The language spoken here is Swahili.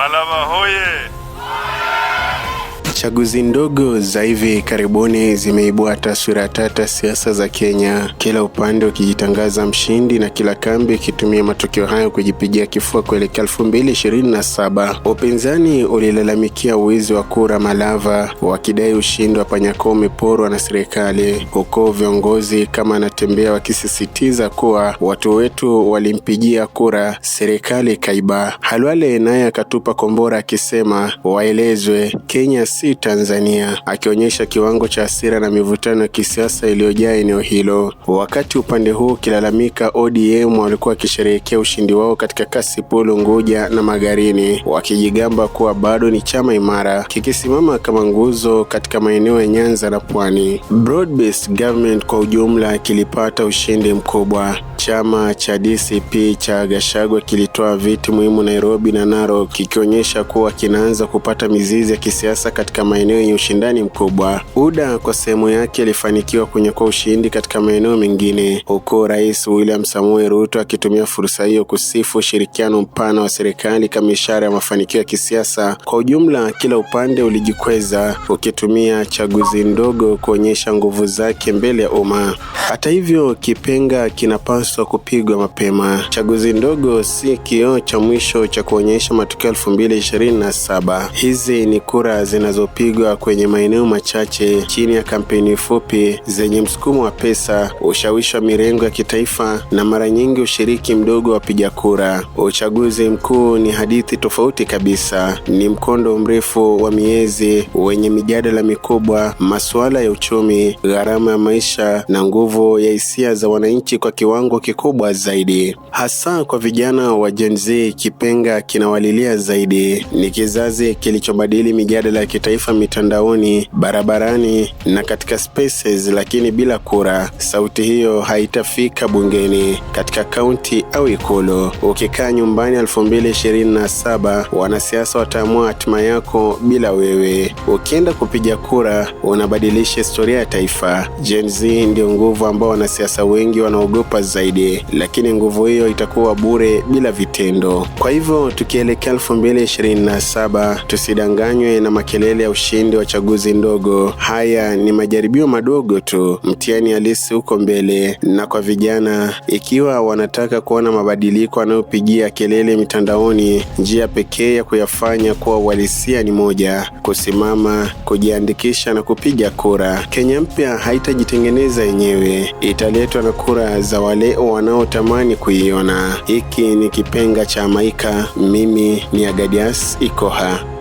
Malava hoye! Chaguzi ndogo za hivi karibuni zimeibua taswira tata siasa za Kenya, kila upande ukijitangaza mshindi na kila kambi ikitumia matokeo hayo kujipigia kifua kuelekea saba. Upinzani ulilalamikia wizi wa kura Malava, wakidai ushindi wa Panyako umeporwa na serikali, huko viongozi kama Anatembea wakisisitiza kuwa watu wetu walimpigia kura, serikali kaiba. Halwale naye akatupa kombora akisema waelezwe Kenya si nchini Tanzania, akionyesha kiwango cha hasira na mivutano ya kisiasa iliyojaa eneo hilo. Wakati upande huo ukilalamika, ODM walikuwa wakisherehekea ushindi wao katika Kasipul, Unguja na Magarini, wakijigamba kuwa bado ni chama imara kikisimama kama nguzo katika maeneo ya Nyanza na Pwani. Broad-based government kwa ujumla kilipata ushindi mkubwa. Chama cha DCP cha gashagwa kilitoa viti muhimu Nairobi na Narok kikionyesha kuwa kinaanza kupata mizizi ya kisiasa katika maeneo yenye ushindani mkubwa. UDA kwa sehemu yake ilifanikiwa kunyakua ushindi katika maeneo mengine, huku Rais William Samoei Ruto akitumia fursa hiyo kusifu ushirikiano mpana wa serikali kama ishara ya mafanikio ya kisiasa. Kwa ujumla, kila upande ulijikweza ukitumia chaguzi ndogo kuonyesha nguvu zake mbele ya umma. Hata hivyo, kipenga kinapaswa wa kupigwa mapema. Chaguzi ndogo si kioo cha mwisho cha kuonyesha matokeo saba. Hizi ni kura zinazopigwa kwenye maeneo machache chini ya kampeni fupi zenye msukumo wa pesa, ushawishi wa mirengo ya kitaifa na mara nyingi ushiriki mdogo wa wapiga kura. Uchaguzi mkuu ni hadithi tofauti kabisa. Ni mkondo mrefu wa miezi wenye mijadala mikubwa, masuala ya uchumi, gharama ya maisha na nguvu ya hisia za wananchi kwa kiwango kikubwa zaidi, hasa kwa vijana wa Gen Z. Kipenga kinawalilia zaidi, ni kizazi kilichobadili mijadala ya kitaifa mitandaoni, barabarani na katika spaces, lakini bila kura, sauti hiyo haitafika bungeni, katika kaunti au ikulu. Ukikaa nyumbani 2027 wanasiasa wataamua hatima yako bila wewe. Ukienda kupiga kura, unabadilisha historia ya taifa. Gen Z ndio nguvu ambao wanasiasa wengi wanaogopa zaidi zaidi, lakini nguvu hiyo itakuwa bure bila vitendo. Kwa hivyo tukielekea saba, tusidanganywe na makelele ya ushindi wa chaguzi ndogo. Haya ni majaribio madogo tu, mtihani halisi huko mbele. Na kwa vijana, ikiwa wanataka kuona mabadiliko anayopigia kelele mitandaoni, njia pekee ya kuyafanya kuwa uhalisia ni moja: kusimama, kujiandikisha na kupiga kura. Kenya mpya haitajitengeneza yenyewe, italetwa na kura za wale wanaotamani kuiona. Hiki ni kipenga cha Maika. Mimi ni Agadias Ikoha.